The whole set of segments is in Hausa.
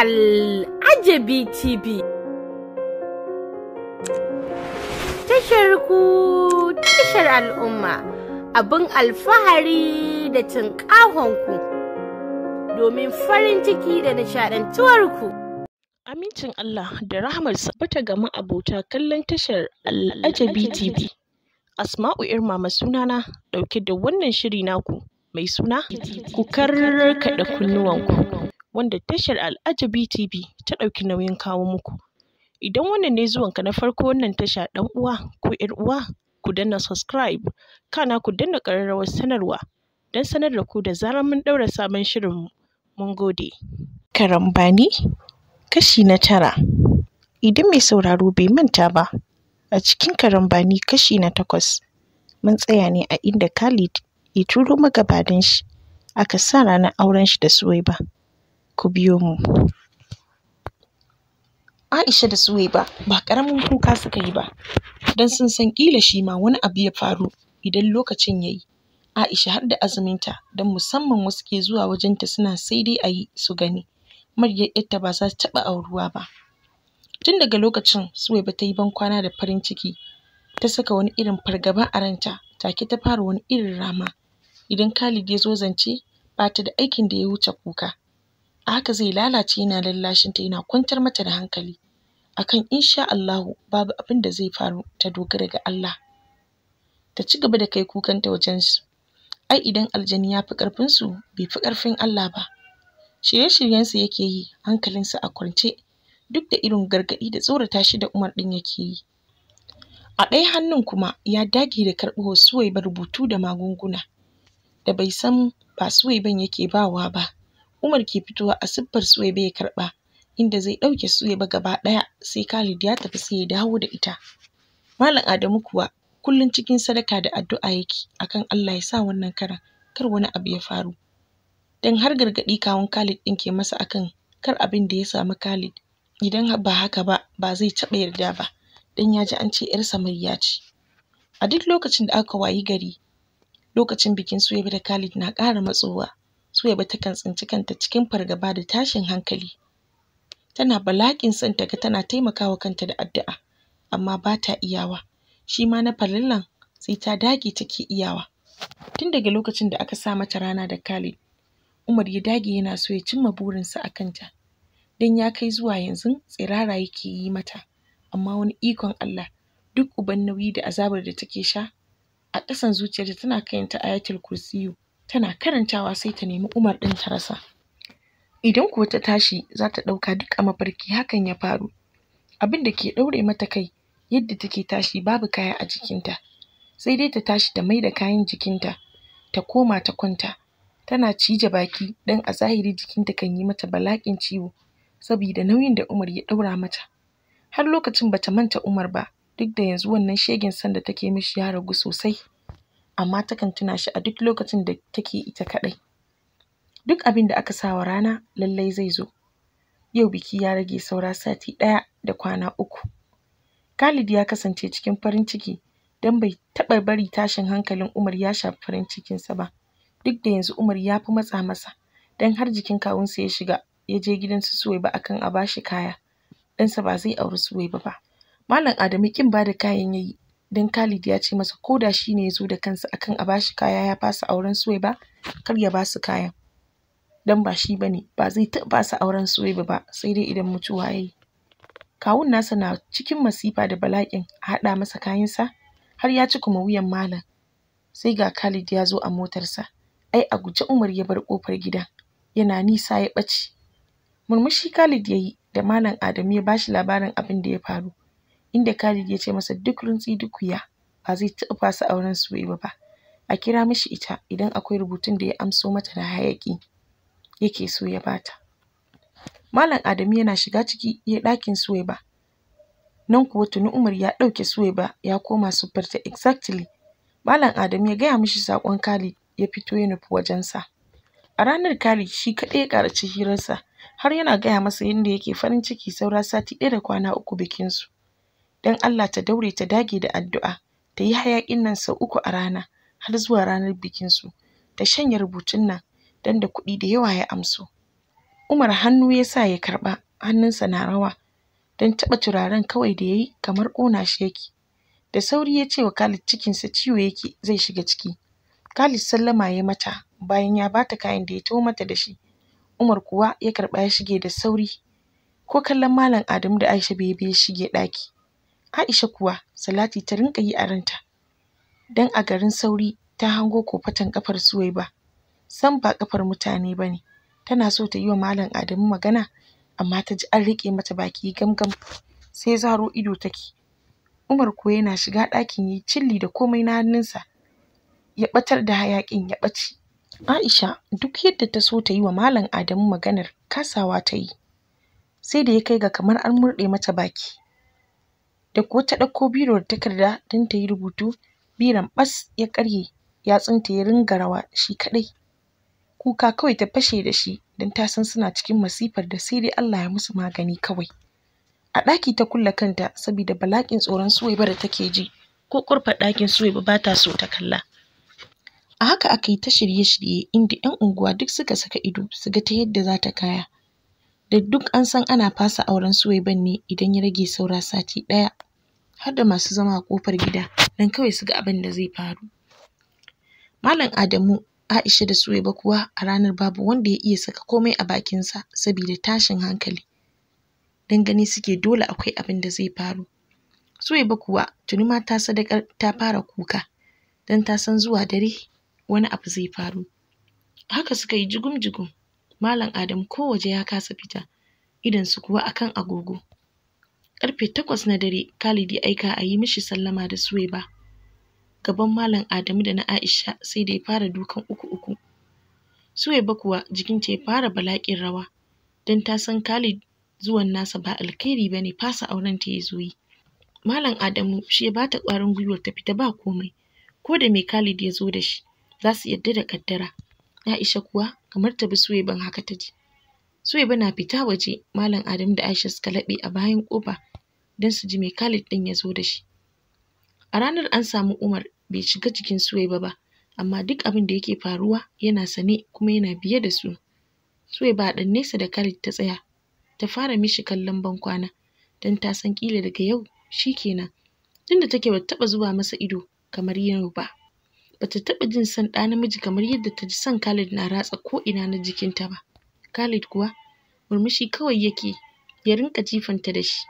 Al'ajabi TV. Tashar ku tashar al'umma abin alfahari da cin ku domin farin ciki da nishaɗantuwar ku. Amincin Allah da rahmar bata gama abota kallon tashar Al'ajabi TV. Asma'u Irmama sunana ɗauke da wannan shiri naku mai suna ku karkaɗa kunnuwanku. wanda tashar Al'ajabi TV ta ɗauki nauyin kawo muku. Idan wannan ne zuwanka na farko wannan tasha ɗan uwa ko ‘yar uwa ku danna subscribe kana ku danna ƙararrawar sanarwa don sanar da ku da zarar mun ɗaura sabon shirinmu. Mun gode. Karambani kashi na tara. Idan mai sauraro bai manta ba a cikin karambani kashi na takwas mun tsaya ne a inda Khalid ya turo magabadan shi aka sa ranar auren shi da Suwaiba. ku biyo mu Aisha da Suwaiba ba karamin kuka suka yi ba don sun san ƙila shi ma wani abu ya faru idan lokacin ya yi Aisha har da azuminta don musamman wasu ke zuwa wajenta suna sai dai a yi su gani Maryar ‘yarta ba za su taɓa auruwa ba tun daga lokacin Suwaiba ta yi bankwana da farin ciki ta saka wani irin fargaba a ranta take ta fara wani irin rama idan Khalid ya zo zance ba ta da aikin da ya wuce kuka a haka zai lalace yana lallashin ta yana kwantar mata da hankali akan insha Allahu babu abin da zai faru ta dogara ga Allah ta ci gaba da kai kukanta wajen su ai idan aljani ya fi ƙarfin su bai fi ƙarfin Allah ba shirye-shiryen su yake yi hankalin sa a kwance duk da irin gargaɗi da tsorata shi da Umar ɗin yake yi a ɗaya hannun kuma ya dage da karɓo Suwaiba rubutu da magunguna da bai san ba Suwaiban yake bawa ba Umar ke fitowa a siffar Suwaiba ya karɓa inda zai ɗauke Suwaiba gaba ɗaya sai Khalid ya tafi sai ya dawo da ita. Malam Adamu kuwa kullum cikin sadaka da addu'a yake akan Allah ya sa wannan karan kar wani abu ya faru. Dan har gargaɗi kawun Khalid ɗin ke masa akan kar abin da ya samu Khalid idan ba haka ba ba zai taɓa yarda ba dan ya ji an ce 'yar samarya ce. A duk lokacin da aka wayi gari lokacin bikin Suwaiba da Khalid na ƙara matsowa Suwaiba takan tsinci kanta cikin fargaba da tashin hankali. Tana bala'in son ta ga tana taimakawa kanta da addu'a amma ba ta iyawa. Shi ma na farillan sai ta dage take iyawa. Tun daga lokacin da aka sa mata rana da Khalid, Umar ya dage yana so ya cimma burinsa a kanta. Don ya kai zuwa yanzu tsirara yake yi mata, amma wani ikon Allah duk uban nauyi da azabar da take sha a ƙasan zuciyarta tana karanta ayatul kursiyu tana karantawa sai ta nemi Umar ɗin ta rasa. Idan kuwa ta tashi za ta ɗauka duk a mafarki hakan ya faru. Abin da ke ɗaure mata kai yadda take tashi babu kaya a jikinta sai dai ta tashi ta maida kayan jikinta ta koma ta kwanta tana cije baki don a zahiri jikinta kan yi mata bala'in ciwo saboda nauyin da Umar ya ɗaura mata. Har lokacin bata manta Umar ba duk da yanzu wannan shegen son da take mishi ya ragu sosai. amma takan tuna shi a duk lokacin da take ita kaɗai. Duk abin da aka sawa rana lallai zai zo. Yau biki ya rage saura sati ɗaya da kwana uku. Khalid ya kasance cikin farin ciki don bai taɓa bari tashin hankalin Umar ya shafi farin cikinsa ba. Duk da yanzu Umar ya fi matsa masa don har jikin kawunsa ya shiga ya je gidan su Suwaiba akan a bashi kaya. Ɗansa ba zai auri Suwaiba ba. Malam Adamu ƙin da kayan yayi don Khalid ya ce masa ko da shi ne ya zo da kansa akan a bashi kaya ya fasa auren Suwaiba kar ya basu kaya don ba shi bane ba zai taɓa su auren Suwaiba ba sai dai idan mutuwa yayi kawun nasa na cikin masifa da bala'in a haɗa masa kayansa har ya ci kuma wuyan malam sai ga Khalid ya zo a motarsa ai a guje Umar ya bar kofar gida yana nisa ya ɓace murmushi Khalid ya yi da malam Adamu ya bashi labarin abin da ya faru inda Khalid ya ce masa duk rintsi duk wuya ba zai taɓa fasa auren Suwaiba ba. A kira mishi ita idan akwai rubutun da ya amso mata da hayaƙi yake so ya bata. Malam Adamu yana shiga ciki ya ɗakin Suwaiba. Nan kuwa tuni Umar ya ɗauke Suwaiba ya koma siffarta exactly. Malam Adamu ya gaya mishi saƙon Khalid ya fito ya nufi wajensa. A ranar Khalid shi kaɗai ya ƙaraci hirarsa har yana gaya masa yadda yake farin ciki saura sati ɗaya da kwana uku bikinsu. don Allah ta daure ta dage da addu'a ta yi hayaƙin nan sau uku a rana har zuwa ranar bikin su, ta shanya rubutun nan don da kuɗi da yawa ya amso Umar hannu ya sa ya karɓa hannunsa na rawa don taɓa turaren kawai da ya yi kamar ƙona shi yake da sauri ya ce wa Khalid cikinsa ciwo yake zai shiga ciki Khalid sallama ya mata bayan ya bata kayan da ya taho mata da shi Umar kuwa ya karɓa ya shige da sauri ko kallon Malam Adamu da Aisha bai bi ya shige ɗaki Aisha kuwa salati ta rinƙa yi a ranta don a garin sauri ta hango fatan ƙafar ba sam ba ƙafar mutane ba ne. Tana so ta yi wa Malam Adamu magana amma ta ji an riƙe mata baki gamgam. sai zaro ido take. Umar kuwa yana shiga ɗakin yi cilli da komai na hannunsa ya ɓatar da hayaƙin ya ɓace. Aisha duk yadda ta so ta yi wa Malam Adamu maganar kasawa ta yi sai da ya kai ga kamar an murɗe mata baki. da kuwa ta ɗauko biro da takarda don ta yi rubutu biron ɓas ya karye yatsunta ya ringa rawa shi kaɗai kuka kawai ta fashe da shi don ta san suna cikin masifar da sai dai Allah ya musu magani kawai a ɗaki ta kulle kanta saboda bala'in tsoron Suwaiba da take ji ko ƙurfe ɗakin Suwaiba ba ta so ta kalla a haka aka yi ta shirye-shirye inda 'yan unguwa duk suka saka ido su ga ta yadda za ta kaya da duk an san ana fasa auren Suwaiban ne idan ya rage saura sati ɗaya. Har da masu zama a ƙofar gida dan kawai su ga abin da zai faru. Malam Adamu, Aisha da Suwaiba kuwa a ranar babu wanda ya iya saka komai a bakinsa saboda tashin hankali. dan gani suke dole akwai abin da zai faru. Suwaiba kuwa tuni ma ta sadakar ta fara kuka dan ta san zuwa dare wani abu zai faru. Haka suka yi jigum-jigum Malam Adam ko waje ya kasa fita, su kuwa akan agogo. Karfe takwas na dare, Khalid ya aika a yi mishi sallama da Suwaiba. Gaban Malam Adamu da na Aisha sai da ya fara dukan uku uku. Suwaiba kuwa jikinta ya fara balaƙin rawa, don ta san Khalid zuwan nasa ba alkhairi ba ne fasa auren ta ya zo yi. Malam Adamu shi ya bata ƙwarin gwiwar ta fita ba komai, ko da mai Khalid ya zo da shi, za su yarda da kaddara. Aisha kuwa kamar ta bi Suwaiban haka ta ji. Suwaiba na fita waje Malam Adam da Aisha suka laɓe a bayan ƙofa don su ji mai Khalid ɗin ya zo da shi. A ranar an samu Umar bai shiga cikin Suwaiba ba, amma duk abin da yake faruwa yana sane kuma yana biye da su. Suwaiba a ɗan nesa da Khalid ta tsaya, ta fara mishi kallon bankwana don ta san ƙila daga yau shi kenan, tunda take bata taɓa zuwa masa ido kamar yau ba. bata taɓa jin son ɗa namiji kamar yadda ta ji son Khalid na ratsa ko ina na jikinta ba. Khalid kuwa murmushi kawai yake ya rinka jifanta da shi.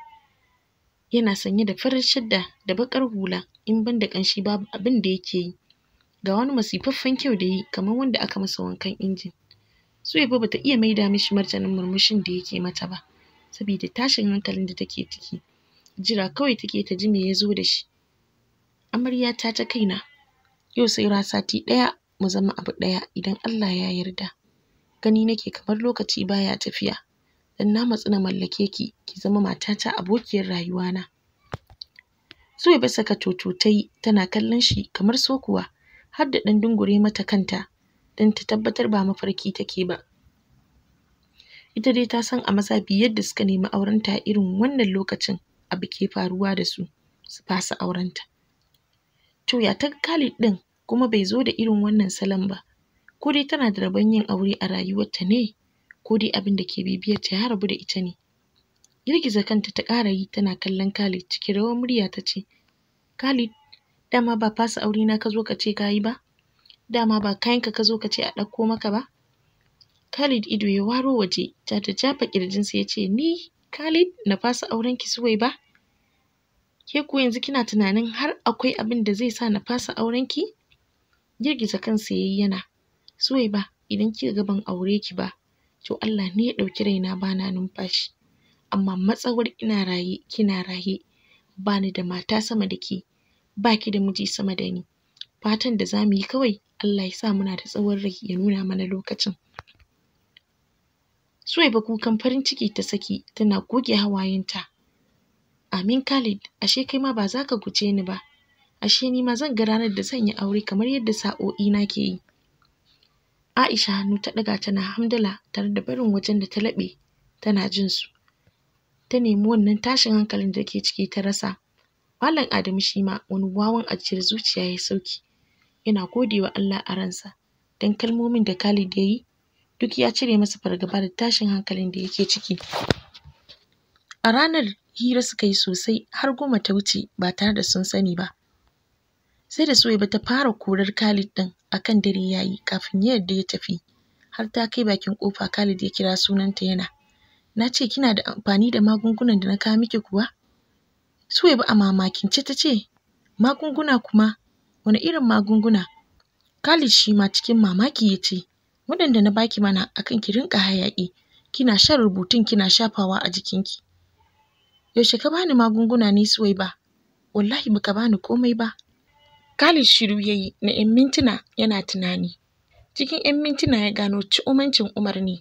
Yana sanye da farin shadda da baƙar hula in banda da ƙanshi babu abin da yake yi. Ga wani masifaffen kyau da yi kamar wanda aka masa wankan injin. Suwaiba bata iya maida mishi martanin murmushin da yake mata ba, saboda tashin hankalin da take ciki. Jira kawai take ta ji me ya zo da shi. Amarya ta kaina, yau sai ra sati ɗaya mu zama abu ɗaya idan Allah ya yarda gani nake kamar lokaci baya tafiya dan na matsu na mallake ki ki zama matata abokiyar na. Suwaiba saka toto ta tana kallon shi kamar so kuwa har da ɗan dungure mata kanta dan ta tabbatar ba mafarki take ba ita dai ta san a maza biyu yadda suka nemi aurenta irin wannan lokacin abu ke faruwa da su su fasa aurenta. To ya ta Khalid ɗin kuma bai zo da irin wannan salon ba ko dai tana da rabon yin aure a rayuwarta ne ko dai abin da ke bibiyar ta ya rabu da ita ne girgiza kanta ta ƙara yi tana kallon Khalid cikin rawar murya ta ce Khalid dama ba fasa aure na ka zo ka ce ka yi ba dama ba kayanka ka zo ka ce a ɗauko maka ba Khalid ido ya waro waje ta ta jafa kirjinsa ya ce ni Khalid na fasa auren ki suwai ba ke ko yanzu kina tunanin har akwai abin da zai sa na fasa auren ki girgiza kansa yayi yana ba idan kika ga ban aure ki ba to Allah ne ya ɗauki raina bana numfashi amma matsawar ina raye kina raye bani da mata sama da ke baki da miji sama da ni fatan da zamu yi kawai Allah ya sa muna da tsawon rai ya nuna mana lokacin Suwaiba kukan farin ciki ta saki tana goge hawayenta Amin Khalid ashe kai ma ba za ka guje ni ba ashe ni ma zan ga ranar da zan yi aure kamar yadda sa'o'i na ke yi Aisha hannu ta ɗaga tana hamdala tare da barin wajen da ta laɓe tana jin su ta nemi wannan tashin hankalin da ke ciki ta rasa Malam Adamu shi ma wani wawan ajiyar zuciya ya sauki yana wa Allah a ransa don kalmomin da Khalid ya yi duk ya cire masa fargaba da tashin hankalin da yake ciki. A ranar hira suka yi sosai har goma ta wuce ba tare da sun sani ba. sai da Suwaiba ta fara korar Khalid din akan dare yayi kafin ya yarda ya tafi har ta kai bakin kofa Khalid ya kira sunanta yana na ce kina da amfani da magungunan da na kawo miki kuwa Suwaiba a mamakin ta ce magunguna kuma wani irin magunguna Khalid shi ma cikin mamaki ya ce waɗanda na baki mana akan ki rinka hayaƙi kina shan rubutun kina shafawa a jikinki yaushe ka bani magunguna ne Suwaiba wallahi baka bani komai ba Khalid shiru ya yi na 'yan mintuna yana tunani. Cikin 'yan mintuna ya gano ci'umancin Umar ne,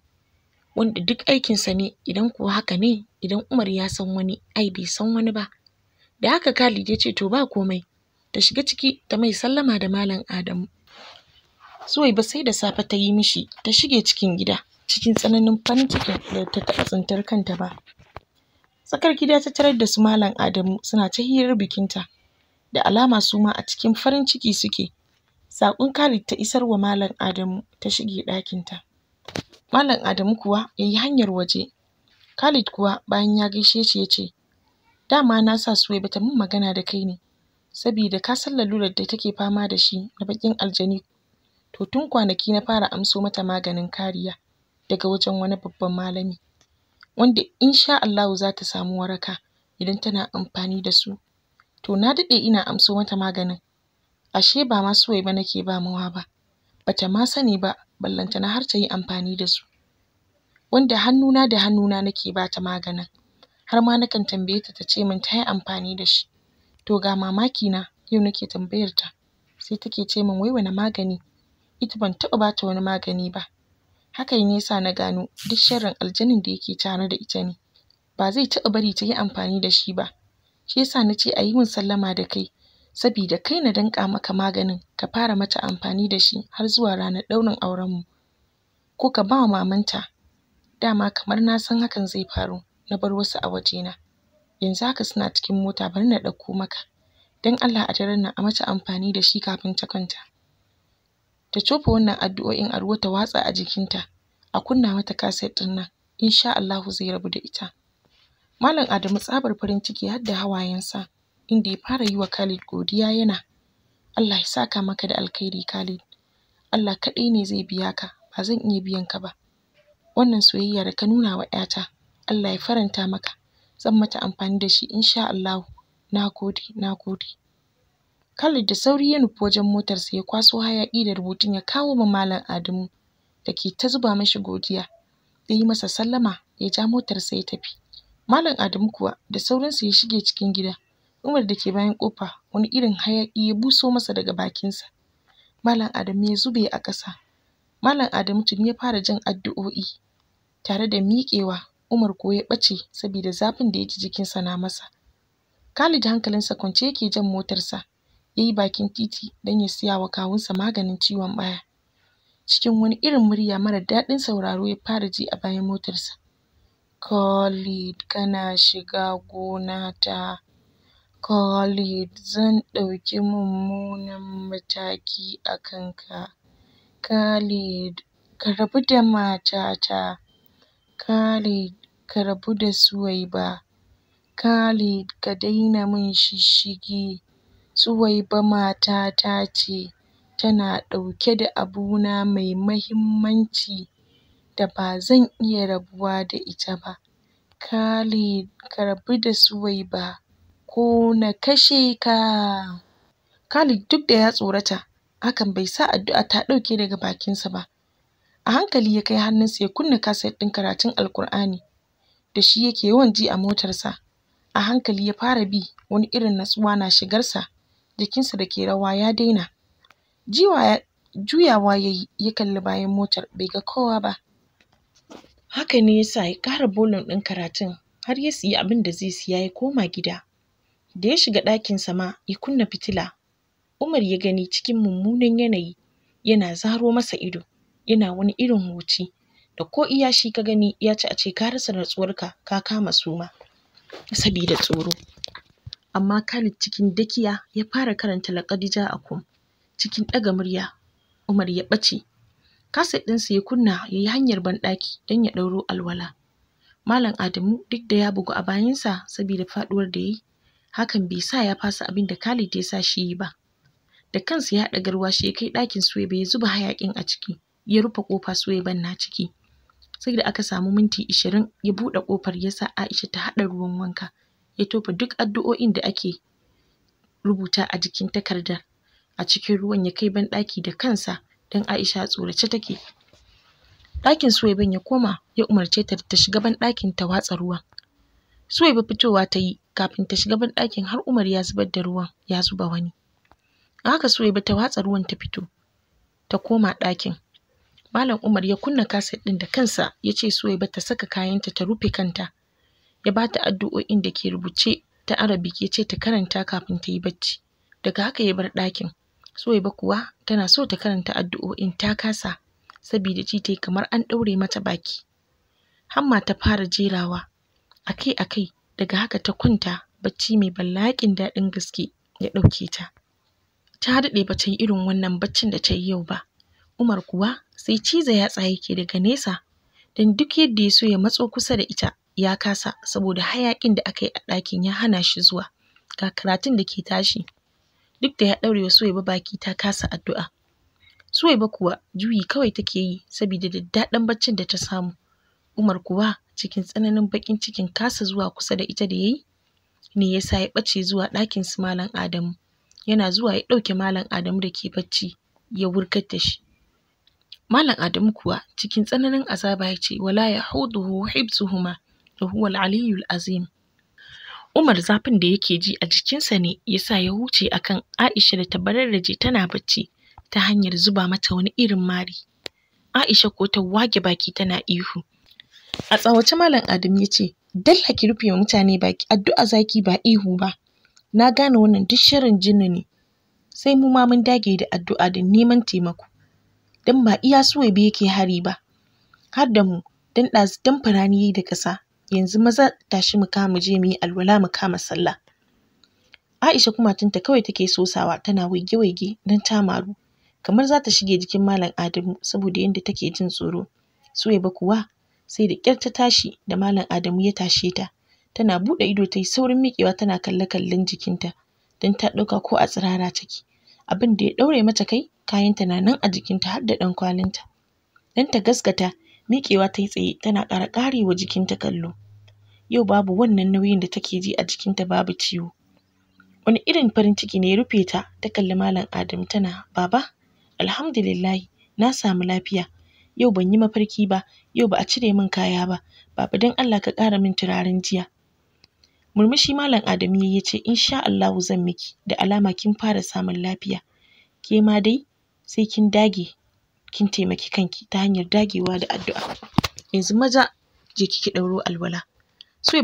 wanda duk aikinsa ne idan kuwa haka ne idan Umar ya san wani ai bai san wani ba. Da haka Khalid ya ce to ba komai, ta shiga ciki ta mai sallama da Malam Adamu. ba sai da safe ta yi mishi ta shige cikin gida cikin tsananin farin ciki, da ta taɓa tsintar kanta ba. Tsakar gida ta tarar da su Malam Adamu suna ta hirar bikinta. da alama suma a cikin farin ciki suke. Saƙon Khalid ta isar wa Malam Adamu ta shige ɗakinta. Malam Adamu kuwa ya yi hanyar waje. Khalid kuwa bayan ya gaishe shi ya ce, dama na sa Suwaiba bata min magana da kai ne, sabida ka san lalurar da take fama da shi na bakin aljani. To tun kwanaki na fara amso mata maganin kariya daga wajen wani babban malami, wanda insha Allahu za ta samu waraka idan tana amfani da su to na daɗe ina amso mata maganin ashe ba ma suwai ba nake ba mawa ba bata ma sani ba na har ta yi amfani da su wanda hannuna da hannuna nake ba ta maganin har ma nakan tambaye ta ta ce min ta yi amfani da shi to ga mamaki na yau nake tambayar ta sai take ce min wai wani magani ita ban taɓa ba ta wani magani ba haka ne yasa na gano duk sharrin aljanin da yake tare da ita ne ba zai taɓa bari ta yi amfani da shi ba shi yasa na ce a yi min sallama da kai sabida kai na danƙa maka maganin ka fara mata amfani da shi har zuwa ranar auren mu ko ka ba wa mamanta dama kamar na san hakan zai faru na bar wasu a wajena yanzu haka suna cikin mota bari na ɗauko maka dan Allah a daren nan a mata amfani da shi kafin ta kwanta ta cofa wannan addu'o'in a ruwa ta watsa a jikinta a kunna mata kaset din nan insha Allahu zai rabu da ita Malam Adamu tsabar farin ciki har da hawayensa inda ya fara yi wa Khalid godiya yana Allah ya saka maka da alkhairi Khalid Allah kaɗai ne zai biya ka ba zan iya biyan ka ba wannan soyayya da ka nuna wa ‘yata Allah ya faranta maka zan mata amfani da shi insha Allahu na gode na gode Khalid da sauri ya nufi wajen motarsa ya kwaso hayaki da rubutun ya kawo ma Malam Adamu da ke ta zuba mashi godiya ya yi masa sallama ya ja motarsa ya tafi Malam Adamu kuwa da sauransu ya shige cikin gida. Umar da ke bayan kofa wani irin hayaki ya buso masa daga bakinsa. Malam Adamu ya zube a ƙasa. Malam Adamu tuni ya fara jin addu'o'i tare da miƙewa Umar kuwa ya ɓace saboda zafin da ya ji jikinsa na masa. Khalid hankalinsa kwance yake jan motarsa ya yi bakin titi don ya siya wa kawunsa maganin ciwon baya. Cikin wani irin murya mara daɗin sauraro ya fara ji a bayan motarsa. Khalid kana shiga gona ta. Khalid zan ɗauki mummunan mataki a kanka. Khalid ka rabu da matata. Khalid ka rabu da Suwaiba. Khalid ka daina min shishshigi. Suwaiba matata ce, tana ɗauke da abuna mai mahimmanci. da ba zan iya rabuwa da ita ba. Khalid ka rabu da Suwaiba ko na kashe ka. Khalid duk da ya tsorata hakan bai sa addu'a ta ɗauke daga bakinsa ba. A hankali ya kai hannunsa ya kunna kaset ɗin karatun Alkur'ani da shi yake yawan ji a motarsa. A hankali ya fara bi wani irin natsuwa na shigarsa jikinsa da ke rawa ya daina. Juyawa ya yi ya kalli bayan motar bai ga kowa ba. haka ne ya sa ya ƙara bolon ɗin karatun har ya siyi abin da zai siya ya koma gida da ya shiga ɗakinsa ma ya kunna fitila Umar ya gani cikin mummunan yanayi yana zaro masa ido yana wani irin huci da ko iya shi ka gani ya ci a ce ka rasa natsuwarka ka kama suma sabida tsoro amma Khalid cikin dakiya ya fara karanta laƙadija a kum cikin ɗaga murya Umar ya ɓace kaset ɗinsa ya kunna ya yi hanyar banɗaki don ya ɗauro alwala malam adamu duk da ya bugu a bayansa saboda faɗuwar da ya yi hakan bai sa ya fasa abin da Khalid ya sa shi yi ba da kansa ya haɗa garwa shi ya kai ɗakin su ya zuba hayaƙin a ciki ya rufe ƙofa ban na ciki sai da aka samu minti ishirin ya buɗe kofar ya sa Aisha ta haɗa ruwan wanka ya tofa duk addu'o'in da ake rubuta a jikin takardar a cikin ruwan ya kai banɗaki da kansa don Aisha tsorace take. Ɗakin Suwaiban ya koma ya umarce ta ta shiga ban ɗakin ta watsa ruwa Suwaiba fitowa ta yi kafin ta shiga ban ɗakin har Umar ya zubar da ruwan ya zuba wani. A haka Suwaiba ta watsa ruwan ta fito ta koma ɗakin. Malam Umar ya kunna kaset ɗin da kansa ya ce Suwaiba ta saka kayanta ta rufe kanta. Ya ba ta addu'o'in da ke rubuce ta Arabic ya ce ta karanta kafin ta yi bacci. Daga haka ya bar ɗakin. Suwaiba kuwa tana so ta karanta addu'o'in ta kasa sabida ji tai kamar an daure mata baki. Hamma ta fara jerawa akai-akai daga haka ta kwanta bacci mai bala'in daɗin gaske ya ɗauke ta. Ta daɗe ta yi irin wannan baccin da ta yi yau ba. Umar kuwa sai ciza ya yatsa yake daga nesa dan duk yadda ya so ya matso kusa da ita ya kasa saboda hayaƙin da aka yi a ɗakin ya hana shi zuwa ga karatun da ke tashi. duk da ya ɗaure wa Suwaiba baki ta kasa addu'a. Suwaiba kuwa juyi kawai take yi saboda daddaɗan baccin da ta samu. Umar kuwa cikin tsananin baƙin cikin kasa zuwa kusa da ita da yayi ne yasa ya ɓace zuwa ɗakin su Malam Adamu. Yana zuwa ya ɗauke Malam Adamu da ke bacci ya wurgar da shi. Malam Adamu kuwa cikin tsananin azaba ya ce wala ya huduhu hibsuhuma wa huwa al-aliyyul azim. Umar zafin da yake ji a jikinsa ne ya sa ya huce akan Aisha da ta bararraje tana bacci ta hanyar zuba mata wani irin mari. Aisha ko ta wage baki tana ihu. A tsawace Malam Adam ya ce, Dalla ki rufe mutane baki addu'a zaki ba ihu ba. Na gane wannan duk shirin jini ne. Sai mu ma mun dage da addu'a da neman taimako. Dan ba iya suwai yake hari ba. Har da mu, dan ɗazu dan farani da ƙasa yanzu maza tashi mu kama mu je mu yi alwala mu kama sallah Aisha kuma tunta kawai take sosawa tana waige-waige don ta maru kamar za ta shige jikin Malam Adamu saboda yadda take jin tsoro. ba kuwa sai da kyar ta tashi da Malam Adamu ya tashe ta. Tana buɗe ido ta yi saurin miƙewa tana kalle-kallen jikinta don ta ɗauka ko a tsirara take. Abin da ya ɗaure mata kai kayanta na nan a jikinta har da ɗan kwalinta. Don ta gaskata miƙewa ta yi tsaye tana ƙara ƙarewa jikinta kallo yau babu wannan nauyin da take ji a jikinta babu ciwo wani irin farin ciki ne ya rufe ta ta kalli malam Adamu tana baba alhamdulillahi na samu lafiya yau ban yi mafarki ba yau ba a cire min kaya ba baba don Allah ka ƙara min turaren jiya murmushi malam Adamu ya ce insha Allahu zan miki da alama kin fara samun lafiya ke ma dai sai kin dage kin taimaki kanki ta hanyar dagewa da addu'a yanzu maza je ki ɗauro alwala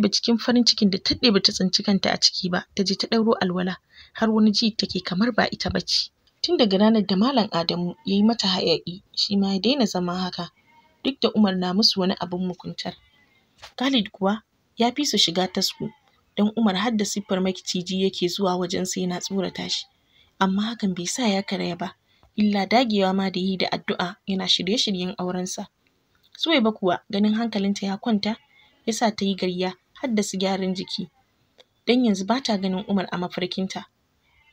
ba cikin farin cikin da ta ba ta tsinci kanta a ciki ba ta je ta ɗauro alwala har wani ji take kamar ba ita ba ce tun daga ranar da malam Adamu ya yi mata hayaƙi shi ma ya daina zama haka duk da Umar na musu wani abin mukuntar. Khalid kuwa ya fi su shiga tasku don Umar har da siffar makiciji yake zuwa wajen sai yana tsorata shi amma hakan bai sa ya karaya ba illa dagewa ma da yi da addu'a yana shirye-shiryen aurensa. Suwaiba kuwa ganin hankalinta ya kwanta ya sa ta yi garya har da su gyaran jiki. Dan yanzu ba ta ganin Umar a mafarkinta.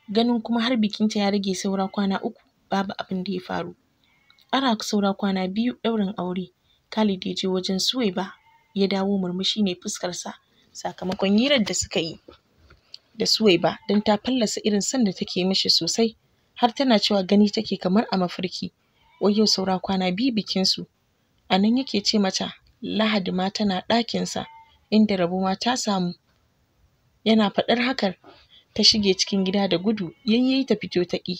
Ganin kuma har bikinta ya rage saura kwana uku babu abin da ya faru. Ana saura kwana biyu ɗaurin aure. Khalid ya je wajen Suwaiba ya dawo murmushi ne fuskarsa sakamakon hirar da suka yi da Suwaiba don ta fallasa irin son da take mishi sosai. har tana cewa gani take kamar a mafarki wai yau saura kwana biyu bikinsu a nan yake ce mata lahadi ma tana ɗakinsa inda rabo ma ta samu yana faɗar hakan ta shige cikin gida da gudu yayyayi ta fito ta ƙi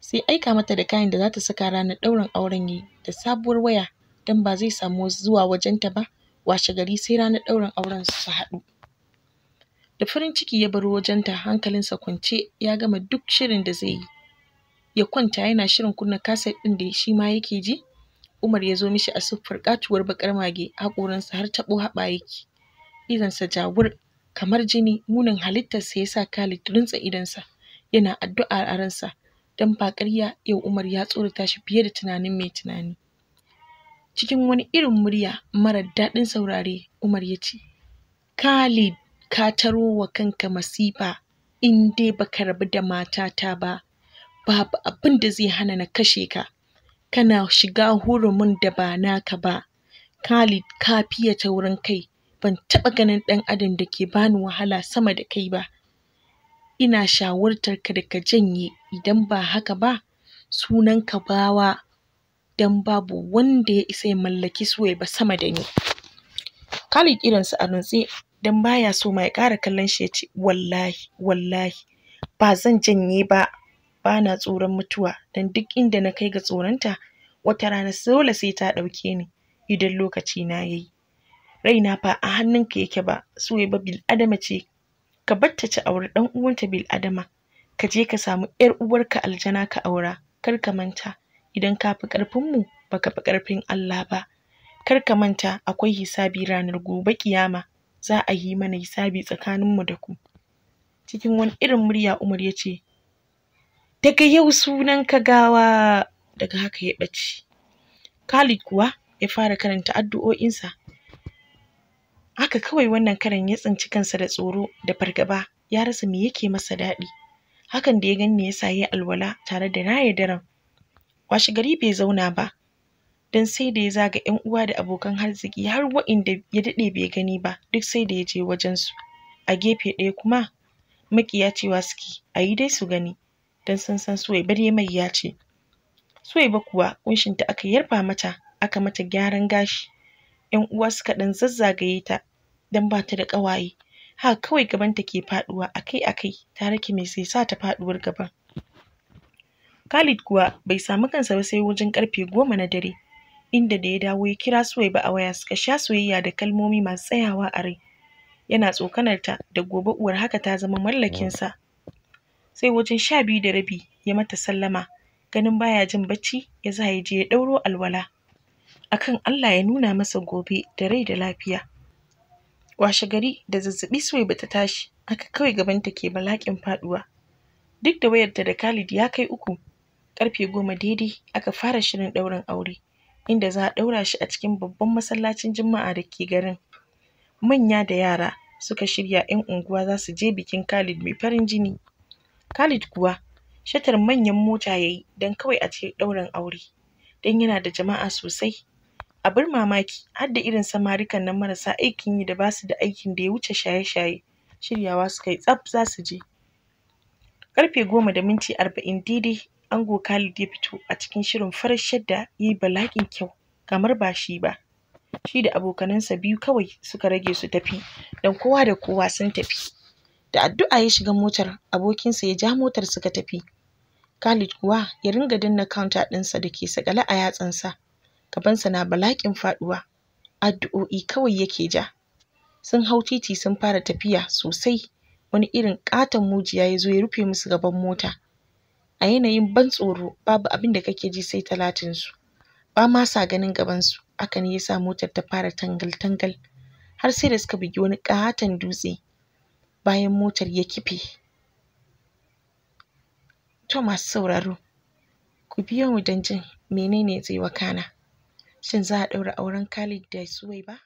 sai aika mata da kayan da za ta saka ranar ɗaurin auren yi da sabuwar waya don ba zai samu zuwa wajenta ba washe gari sai ranar ɗaurin auren su haɗu da farin ciki ya baro wajenta hankalinsa kwance ya gama duk shirin da zai yi ya kwanta yana shirin kunna kaset ɗin da shi ma yake ji Umar ya zo mishi a siffar katuwar bakar mage haƙoransa har taɓo haɓa yake sa jawur kamar jini munin halittarsa ya sa Khalid rintsa idonsa yana addu'a a ransa don ba ƙarya yau Umar ya tsorata shi fiye da tunanin mai tunani cikin wani irin murya mara daɗin saurare Umar ya ce Khalid ka taro wa kanka masifa in dai baka rabu da matata ba babu abin da zai hana na kashe ka kana shiga hurumin da ba naka ba Khalid ka fiye ta wurin kai ban taɓa ganin ɗan adam da ke bani wahala sama da kai ba ina shawartar ka da ka janye idan ba haka ba sunan ka bawa don babu wanda ya isa ya mallaki ba sama da ni Khalid irinsa a rantse dan baya so ma ya ƙara kallon shi ya ce wallahi wallahi ba zan janye ba bana tsoron mutuwa don duk inda na kai ga tsoronta wata rana dole sai ta ɗauke ni idan lokaci na yayi raina fa a hannunka yake ba Suwaiba bil adama ce ka batta ci aure dan uwanta bil adama ka je ka samu yar uwarka aljana ka aura kar ka manta idan ka fi karfin mu baka fi karfin Allah ba kar ka manta akwai hisabi ranar gobe kiyama za a yi mana hisabi tsakanin mu da ku cikin wani irin murya Umar ya ce daga yau sunan ka gawa daga haka ya ɓace Khalid kuwa ya fara karanta addu'o'insa haka kawai wannan karan ya tsinci kansa da tsoro da fargaba ya rasa me yake masa daɗi hakan da ya gani yasa ya alwala tare da raya daren washe gari bai zauna ba don sai da ya zaga yan uwa da abokan arziki har wa'inda ya daɗe bai gani ba duk sai da ya je wajen su a gefe ɗaya kuma maƙiya cewa suke a yi dai su gani don sun san Suwaiba dai mai ce. Suwaiba kuwa kunshinta aka yarfa mata aka mata gyaran gashi. ‘Yan uwa suka ɗan zazzagaye ta don ba ta da ƙawaye. Haka kawai gabanta ke faɗuwa akai-akai ta rike mai sai sa ta faɗuwar gaban. Khalid kuwa bai samu kansa ba sai wajen ƙarfe goma na dare. inda da ya dawo ya kira Suwaiba a waya suka sha soyayya da kalmomi masu tsayawa a rai. Yana tsokanar ta da gobe uwar haka ta zama mallakinsa. sai wajen sha biyu da rabi ya mata sallama ganin baya jin bacci ya za ya je ya ɗauro alwala akan Allah ya nuna masa gobe da rai da lafiya washe gari da zazzaɓi suwai bata tashi aka kawai gabanta ke balaƙin faɗuwa duk da wayarta da Khalid ya kai uku karfe goma daidai aka fara shirin ɗaurin aure inda za a ɗaura shi a cikin babban masallacin juma'a da ke garin manya da yara suka shirya 'yan unguwa za su je bikin Khalid mai farin jini Khalid kuwa shatar manyan mota ya yi don kawai a je ɗaurin aure, don yana da jama'a sosai. A Abin mamaki har da irin samarikan nan marasa aikin yi da ba su da aikin da ya wuce shaye-shaye, shiryawa suka yi tsaf za su je. Ƙarfe goma da minti arba'in daidai ango Khalid ya fito a cikin shirin farar da ya yi bala'in kyau kamar ba shi ba. Shi da abokanansa biyu kawai suka rage su tafi don kowa da kowa sun tafi. da addu'a ya shiga motar abokinsa ya ja motar suka tafi Khalid kuwa ya ringa danna counter ɗinsa da ke sakale a yatsansa gabansa na balaƙin faɗuwa addu'o'i kawai yake ja sun hau titi sun fara tafiya sosai wani irin ƙaton mujiya ya zo ya rufe musu gaban mota a yanayin ban tsoro babu abin da kake ji sai talatin su. ba ma sa ganin gaban su. Aka ne ya sa motar ta fara tangal-tangal har sai da suka bugi wani katon dutse bayan motar ya kife to masu sauraro ku biyo mu don jin menene zai wakana shin za a ɗaura auren Khalid da Suwaiba